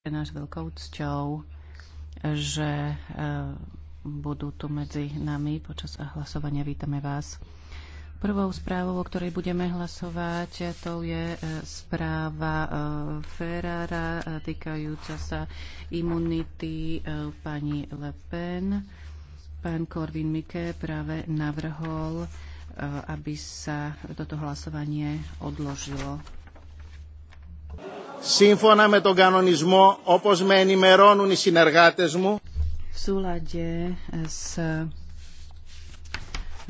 je náš veľkou cťou, že e, budú tu medzi nami počas hlasovania. Vítame vás. Prvou správou, o ktorej budeme hlasovať, to je e, správa e, Ferrara týkajúca sa imunity pani Le Pen. Pán Korvin Mike práve navrhol, aby sa toto hlasovanie odložilo. Σύμφωνα με τον κανονισμό, όπως με ενημερώνουν οι συνεργάτες μου, v súlade s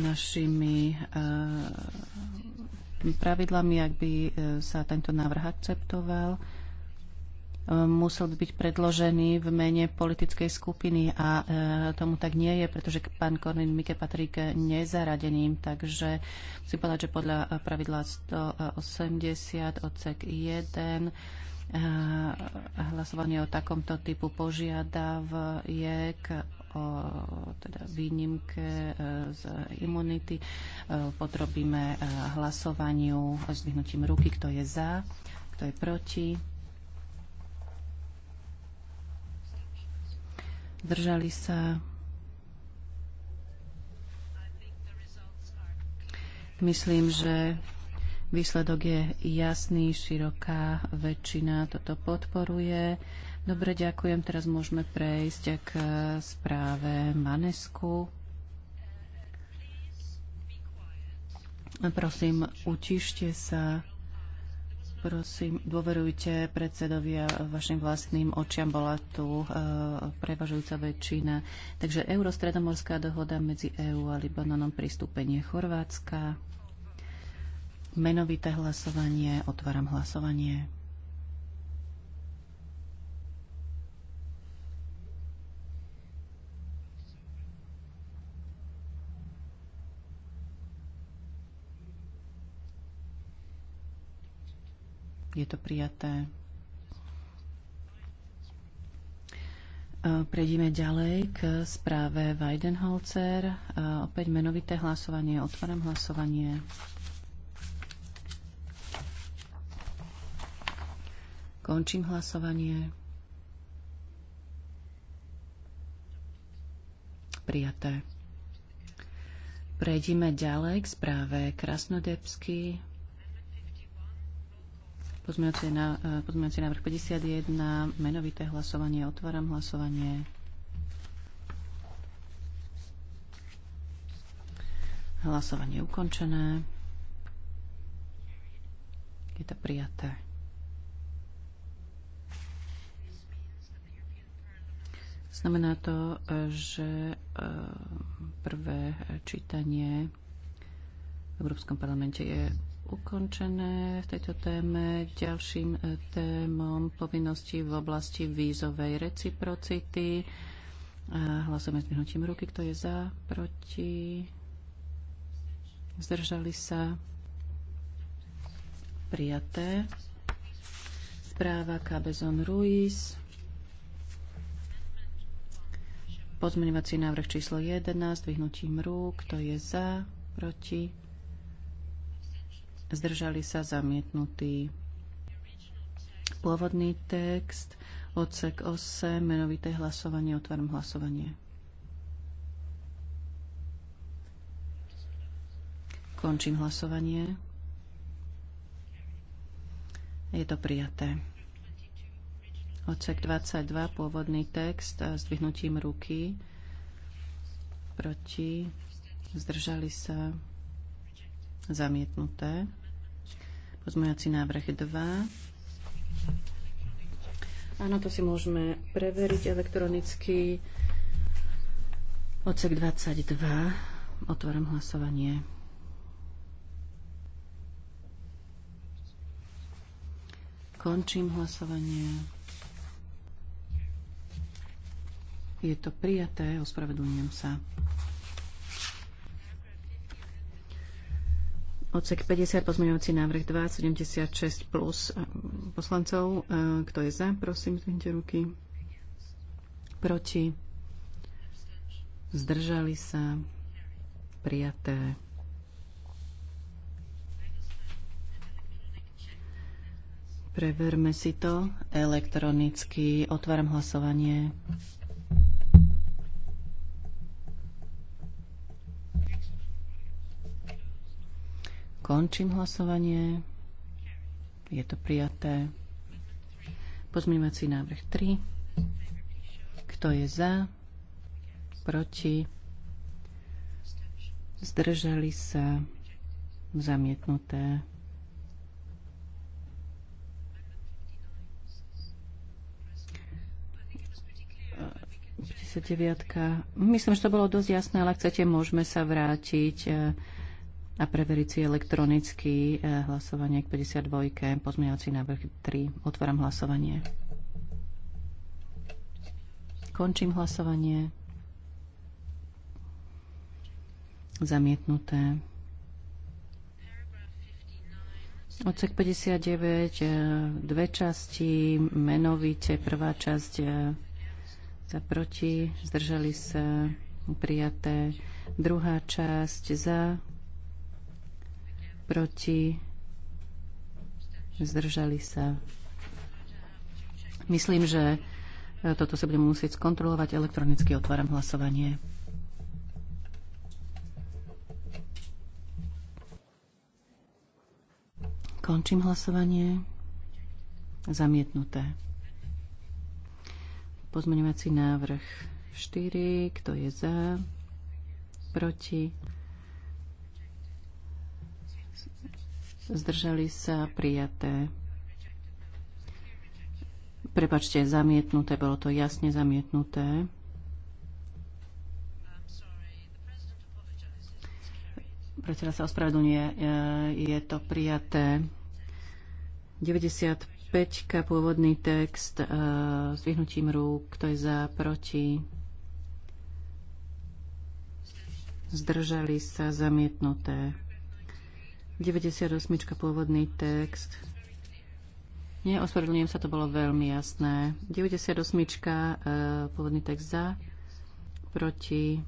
našimi pravidlami, ak by sa tento návrh akceptoval, musel by byť predložený v mene politickej skupiny a e, tomu tak nie je, pretože pán Korvin Mike Patrik nezaradeným, takže musím povedať, že podľa e, pravidla 180 odsek 1 e, hlasovanie o takomto typu požiadaviek o teda výnimke z imunity podrobíme hlasovaniu s vyhnutím ruky, kto je za, kto je proti. zdržali sa. Myslím, že výsledok je jasný, široká väčšina toto podporuje. Dobre, ďakujem. Teraz môžeme prejsť k správe Manesku. Prosím, utište sa. Prosím, dôverujte predsedovia vašim vlastným očiam. Bola tu e, prevažujúca väčšina. Takže Eurostredomorská dohoda medzi EÚ a Libanonom, pristúpenie Chorvátska. Menovité hlasovanie. Otváram hlasovanie. Je to prijaté. E, prejdime ďalej k správe Weidenholzer. E, opäť menovité hlasovanie. Otváram hlasovanie. Končím hlasovanie. Prijaté. Prejdime ďalej k správe Krasnodebsky. Pozmeňujúci e, návrh 51, menovité hlasovanie. Otváram hlasovanie. Hlasovanie ukončené. Je to prijaté. Znamená to, e, že e, prvé čítanie v Európskom parlamente je ukončené v tejto téme ďalším e, témom povinnosti v oblasti vízovej reciprocity. Hlasujeme s vyhnutím ruky, kto je za, proti, zdržali sa, prijaté. Správa Cabezon Ruiz. Pozmeňovací návrh číslo 11, vyhnutím rúk, kto je za, proti, zdržali sa zamietnutí. Pôvodný text, odsek 8, menovité hlasovanie, otváram hlasovanie. Končím hlasovanie. Je to prijaté. Odsek 22, pôvodný text, a zdvihnutím ruky, proti, zdržali sa, Zamietnuté. Pozmojací návrh 2. Áno, to si môžeme preveriť elektronicky. Odsek 22. Otváram hlasovanie. Končím hlasovanie. Je to prijaté, ospravedlňujem sa. Odsek 50, pozmeňovací návrh 2, 76 plus e, poslancov. E, kto je za, prosím, zvinte ruky. Proti. Zdržali sa. Prijaté. Preverme si to elektronicky. Otváram hlasovanie. Končím hlasovanie. Je to prijaté. Pozmývací návrh 3. Kto je za? Proti? Zdržali sa? Zamietnuté. Myslím, že to bolo dosť jasné, ale chcete, môžeme sa vrátiť eh, a preveriť si elektronicky eh, hlasovanie k 52. pozmeňovací návrh 3. Otváram hlasovanie. Končím hlasovanie. Zamietnuté. Odsek 59, eh, dve časti, menovite prvá časť eh, za proti, zdržali sa prijaté, druhá časť za proti, zdržali sa. Myslím, že e, toto sa budeme musieť skontrolovať. Elektronicky otváram hlasovanie. Končím hlasovanie. Zamietnuté. Pozmeňovací návrh 4. Kto je za? Proti? zdržali sa, prijaté. Prepačte, zamietnuté, bolo to jasne zamietnuté. Predseda sa ospravedlňuje, e, je to prijaté. 95 pôvodný text e, s vyhnutím rúk, kto je za, proti. Zdržali sa, zamietnuté. 98. pôvodný text. Nie, ospravedlňujem sa, to bolo veľmi jasné. 98. E, pôvodný text za, proti,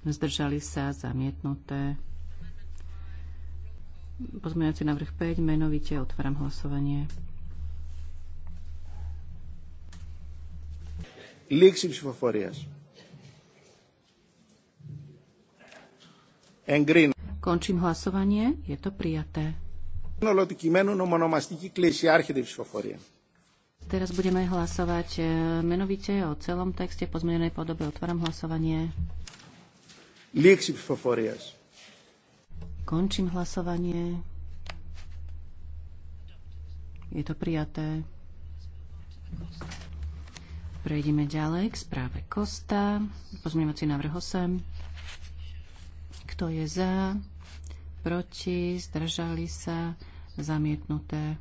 zdržali sa, zamietnuté. Pozmeňujúci návrh 5, menovite otváram hlasovanie. λήξη ψηφοφορίας. Εγκρίνω. Končím hlasovanie. Je to prijaté. Teraz budeme hlasovať menovite o celom texte po pozmenenej podobe. Otváram hlasovanie. Končím hlasovanie. Je to prijaté. Prejdeme ďalej k správe Kosta. Pozmievací návrh 8. Kto je za? proti, zdržali sa, zamietnuté.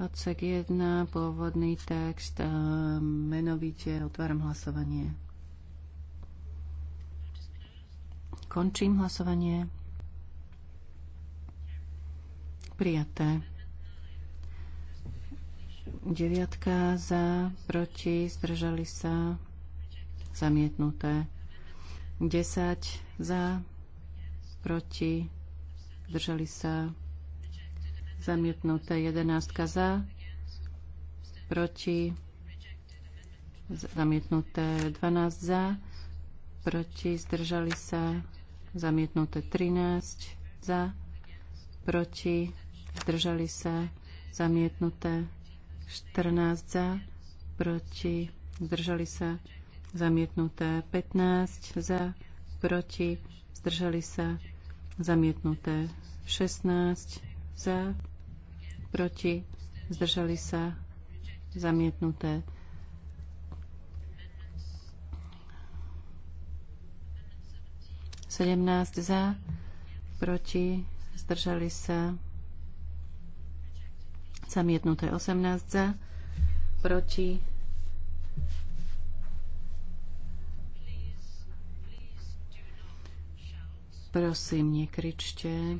Odsek 1, pôvodný text, e, menovite otváram hlasovanie. Končím hlasovanie. Prijaté. Deviatka za, proti, zdržali sa, zamietnuté. 10 za, proti, zdržali sa zamietnuté 11 za, proti, zamietnuté 12 za, proti, zdržali sa, zamietnuté 13 za, proti, zdržali sa, zamietnuté 14 za, proti, zdržali sa, zamietnuté 15 za, proti, zdržali sa, zamietnuté 16 za, proti, zdržali sa, zamietnuté. Sedemnáct za, proti, zdržali sa, zamietnuté. Osemnáct za, proti, Prosím, nekričte.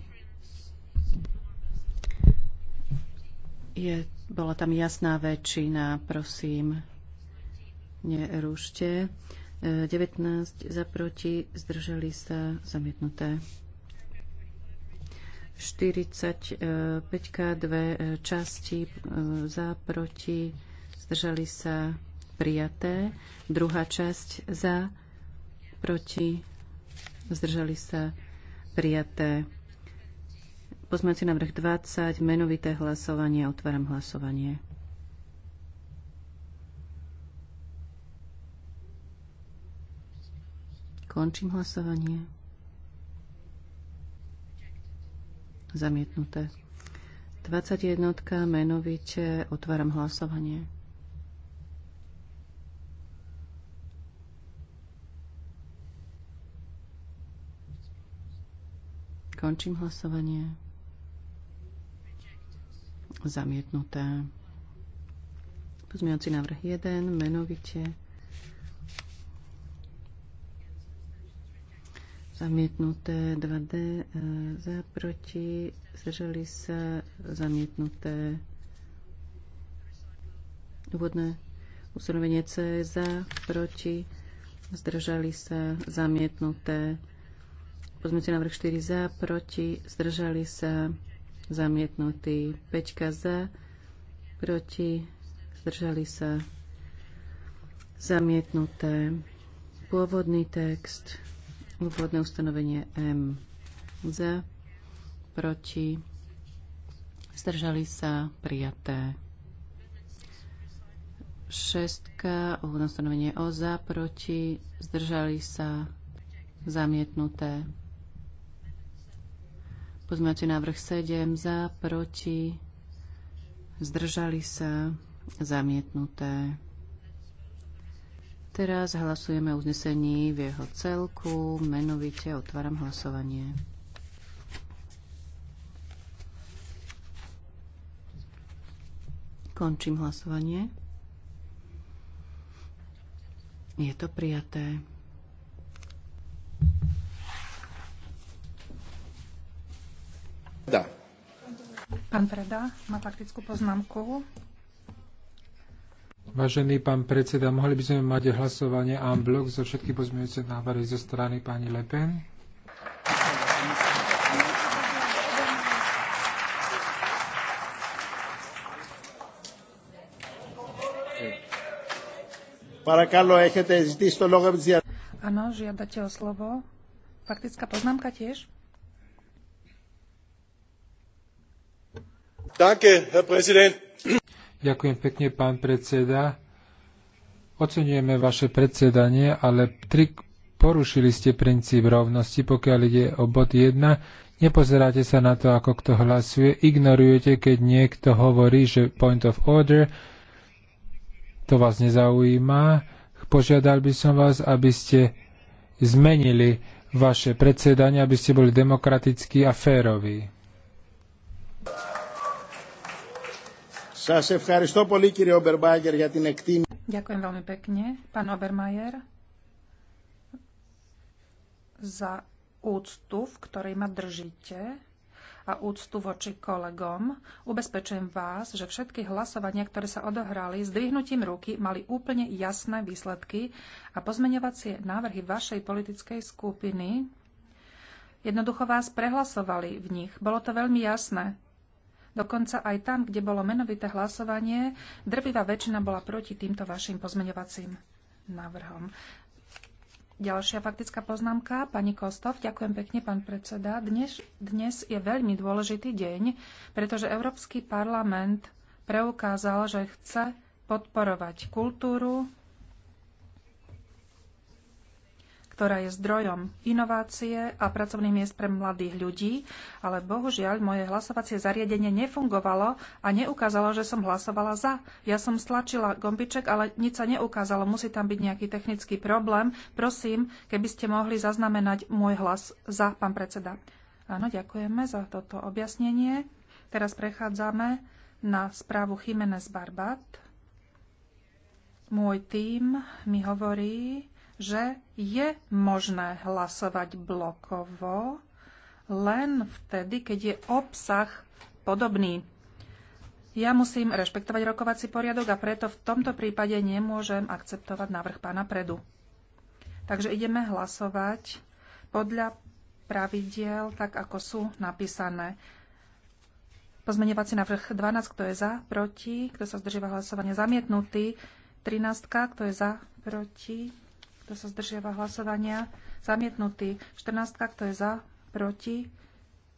Je, bola tam jasná väčšina, prosím, nerúšte. 19 e, za proti, zdržali sa zamietnuté. 45 e, dve e, časti za proti, zdržali sa prijaté. Druhá časť za proti, zdržali sa prijaté. Pozmeňujúci návrh 20, menovité hlasovanie, otváram hlasovanie. Končím hlasovanie. Zamietnuté. 21. menovite otváram hlasovanie. Končím hlasovanie. Zamietnuté. Pozmeňovací návrh 1, menovite. Zamietnuté 2D, e, za, proti, zdržali sa, zamietnuté úvodné ustanovenie C, za, proti, zdržali sa, zamietnuté Pozmite návrh 4 za, proti, zdržali sa, zamietnutý. 5 za, proti, zdržali sa, zamietnuté. Pôvodný text, úvodné ustanovenie M za, proti, zdržali sa, prijaté. Šestka, úvodné ustanovenie O za, proti, zdržali sa, zamietnuté. Pozmeňujúci návrh 7 za, proti, zdržali sa, zamietnuté. Teraz hlasujeme o uznesení v jeho celku. Menovite otváram hlasovanie. Končím hlasovanie. Je to prijaté. Pán Preda má faktickú poznámku. Vážený pán predseda, mohli by sme mať hlasovanie a blok zo všetky pozmeňujúce návrhy zo strany pani Le Pen? Parakalo, έχετε ζητήσει το λόγο Áno, žiadate o slovo. Faktická poznámka tiež? Ďakujem pekne, pán predseda. Oceňujeme vaše predsedanie, ale tri, porušili ste princíp rovnosti, pokiaľ ide o bod 1. Nepozeráte sa na to, ako kto hlasuje, ignorujete, keď niekto hovorí, že point of order, to vás nezaujíma. Požiadal by som vás, aby ste zmenili vaše predsedanie, aby ste boli demokratickí a féroví. Ďakujem veľmi pekne, pán Obermajer, za úctu, v ktorej ma držíte a úctu voči kolegom. Ubezpečujem vás, že všetky hlasovania, ktoré sa odohrali s dvihnutím ruky, mali úplne jasné výsledky a pozmeňovacie návrhy vašej politickej skupiny jednoducho vás prehlasovali v nich. Bolo to veľmi jasné. Dokonca aj tam, kde bolo menovité hlasovanie, drvivá väčšina bola proti týmto vašim pozmeňovacím návrhom. Ďalšia faktická poznámka. Pani Kostov, ďakujem pekne, pán predseda. Dnes, dnes je veľmi dôležitý deň, pretože Európsky parlament preukázal, že chce podporovať kultúru, ktorá je zdrojom inovácie a pracovných miest pre mladých ľudí, ale bohužiaľ moje hlasovacie zariadenie nefungovalo a neukázalo, že som hlasovala za. Ja som stlačila gombiček, ale nič sa neukázalo. Musí tam byť nejaký technický problém. Prosím, keby ste mohli zaznamenať môj hlas za, pán predseda. Áno, ďakujeme za toto objasnenie. Teraz prechádzame na správu Jiménez Barbat. Môj tím mi hovorí, že je možné hlasovať blokovo len vtedy, keď je obsah podobný. Ja musím rešpektovať rokovací poriadok a preto v tomto prípade nemôžem akceptovať návrh pána Predu. Takže ideme hlasovať podľa pravidiel, tak ako sú napísané. Pozmeňovací návrh 12, kto je za, proti, kto sa zdržíva hlasovania, zamietnutý. 13, kto je za, proti, kto sa zdržiava hlasovania? Zamietnutý. 14. Kto je za? Proti.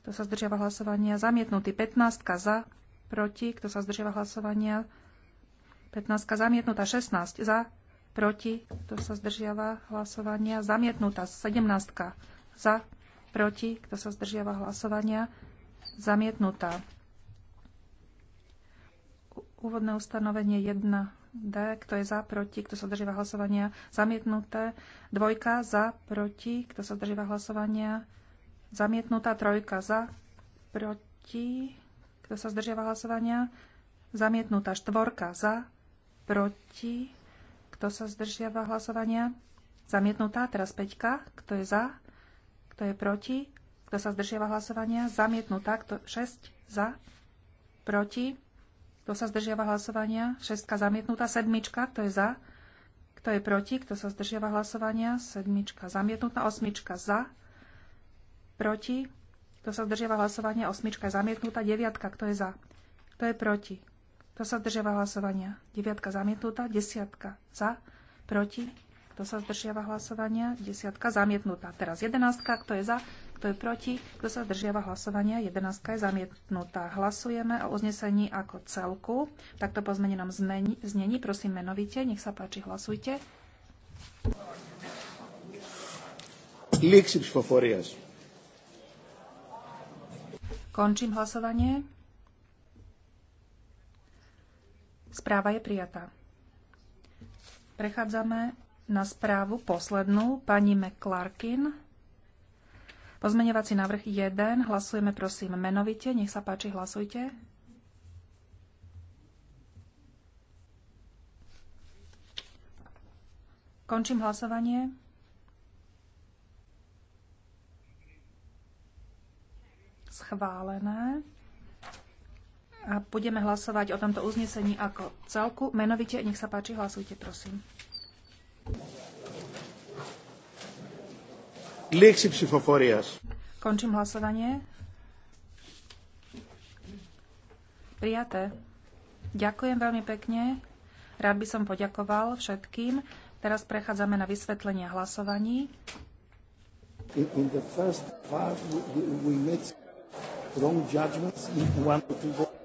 Kto sa zdržiava hlasovania? Zamietnutý. 15. Za? Proti. Kto sa zdržiava hlasovania? 15. Zamietnutá. 16. Za? Proti. Kto sa zdržiava hlasovania? Zamietnutá. 17. Za? Proti. Kto sa zdržiava hlasovania? Zamietnutá. Úvodné ustanovenie 1 D, kto je za, proti, kto sa zdržíva hlasovania, zamietnuté. Dvojka za, proti, kto sa zdržíva hlasovania, zamietnutá. Trojka za, proti, kto sa zdržiava hlasovania, zamietnutá. Štvorka za, proti, kto sa zdržiava hlasovania, zamietnutá. Teraz peťka, kto je za, kto je proti, kto sa zdržiava hlasovania, zamietnutá. Kto, 6 za, proti, kto sa zdržiava hlasovania? Šestka zamietnutá. Sedmička. Kto je za? Kto je proti? Kto sa zdržiava hlasovania? Sedmička zamietnutá. Osmička za. Proti. Kto sa zdržiava hlasovania? Osmička je zamietnutá. Deviatka. Kto je za? Kto je proti? Kto sa zdržiava hlasovania? Deviatka zamietnutá. Desiatka za. Proti. Kto sa zdržiava hlasovania? Desiatka zamietnutá. Teraz jedenáctka. Kto je za? Kto je proti? Kto sa zdržiava hlasovania? 11 je zamietnutá. Hlasujeme o uznesení ako celku. Takto po zmenenom znení. Prosím menovite. Nech sa páči, hlasujte. Λήξη ψηφοφορίας. Končím hlasovanie. Správa je prijatá. Prechádzame na správu poslednú pani McClarkin. Pozmeňovací návrh 1. Hlasujeme prosím menovite. Nech sa páči, hlasujte. Končím hlasovanie. Schválené. A budeme hlasovať o tomto uznesení ako celku. Menovite, nech sa páči, hlasujte, prosím. Λήξη ψηφοφορίας. Končím hlasovanie. Prijaté. Ďakujem veľmi pekne. Rád by som poďakoval všetkým. Teraz prechádzame na vysvetlenie hlasovaní. In, the first part we, we made wrong judgments in one or two